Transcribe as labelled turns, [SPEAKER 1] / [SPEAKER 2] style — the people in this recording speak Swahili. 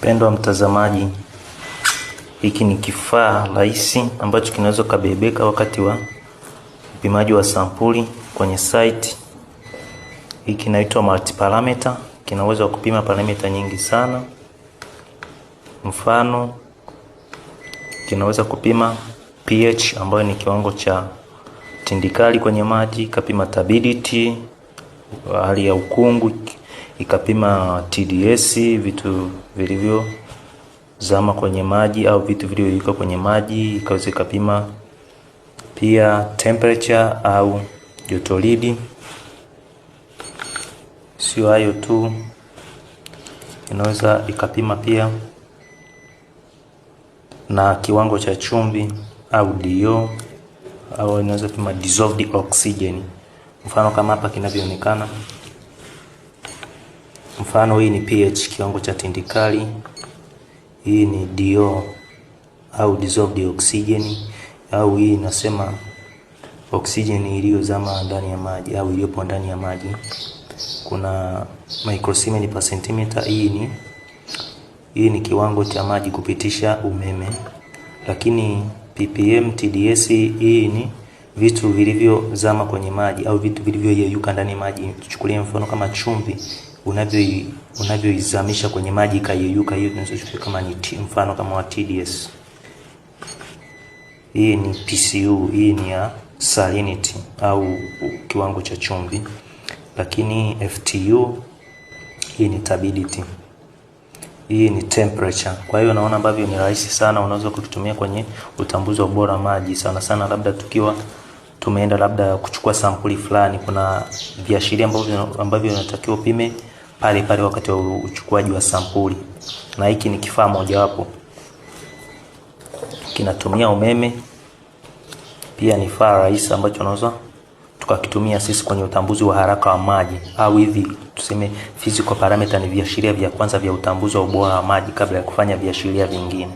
[SPEAKER 1] Mpendwa mtazamaji, hiki ni kifaa rahisi ambacho kinaweza kabebeka wakati wa upimaji wa sampuli kwenye site. Hiki kinaitwa multiparameter, kina uwezo wa kupima parameta nyingi sana. Mfano, kinaweza kupima pH ambayo ni kiwango cha tindikali kwenye maji, kapima turbidity, hali ya ukungu ikapima TDS, vitu vilivyozama kwenye maji au vitu vilivyoyuka kwenye maji, ikaweza ikapima pia temperature au jotolidi. Sio hayo tu, inaweza ikapima pia na kiwango cha chumvi au DO au inaweza pima dissolved oxygen, mfano kama hapa kinavyoonekana. Mfano, hii ni pH, kiwango cha tindikali. Hii ni DO au dissolved oxygen, au hii inasema oxygen iliyozama ndani ya maji au iliyopo ndani ya maji. Kuna microsiemen per centimeter. Hii ni hii ni kiwango cha maji kupitisha umeme, lakini ppm, TDS hii ni vitu vilivyozama kwenye maji au vitu vilivyoyeyuka ndani ya maji. Tuchukulie mfano kama chumvi unavyoizamisha unavyo kwenye maji ikayeyuka, hiyo tunachoshukia kama ni mfano kama wa TDS. Hii ni PCU, hii ni ya salinity au kiwango cha chumvi, lakini FTU hii ni turbidity, hii ni temperature. Kwa hiyo naona ambavyo ni rahisi sana, unaweza kutumia kwenye utambuzi wa ubora maji, sana sana labda tukiwa tumeenda labda kuchukua sampuli fulani, kuna viashiria ambavyo ambavyo unatakiwa upime pale pale wakati wa uchukuaji wa sampuli, na hiki ni kifaa mojawapo kinatumia umeme, pia ni faa rahisi ambacho unaweza tukakitumia sisi kwenye utambuzi wa haraka wa maji, au hivi tuseme physical parameter ni viashiria vya kwanza vya utambuzi wa ubora wa maji kabla ya kufanya viashiria vingine.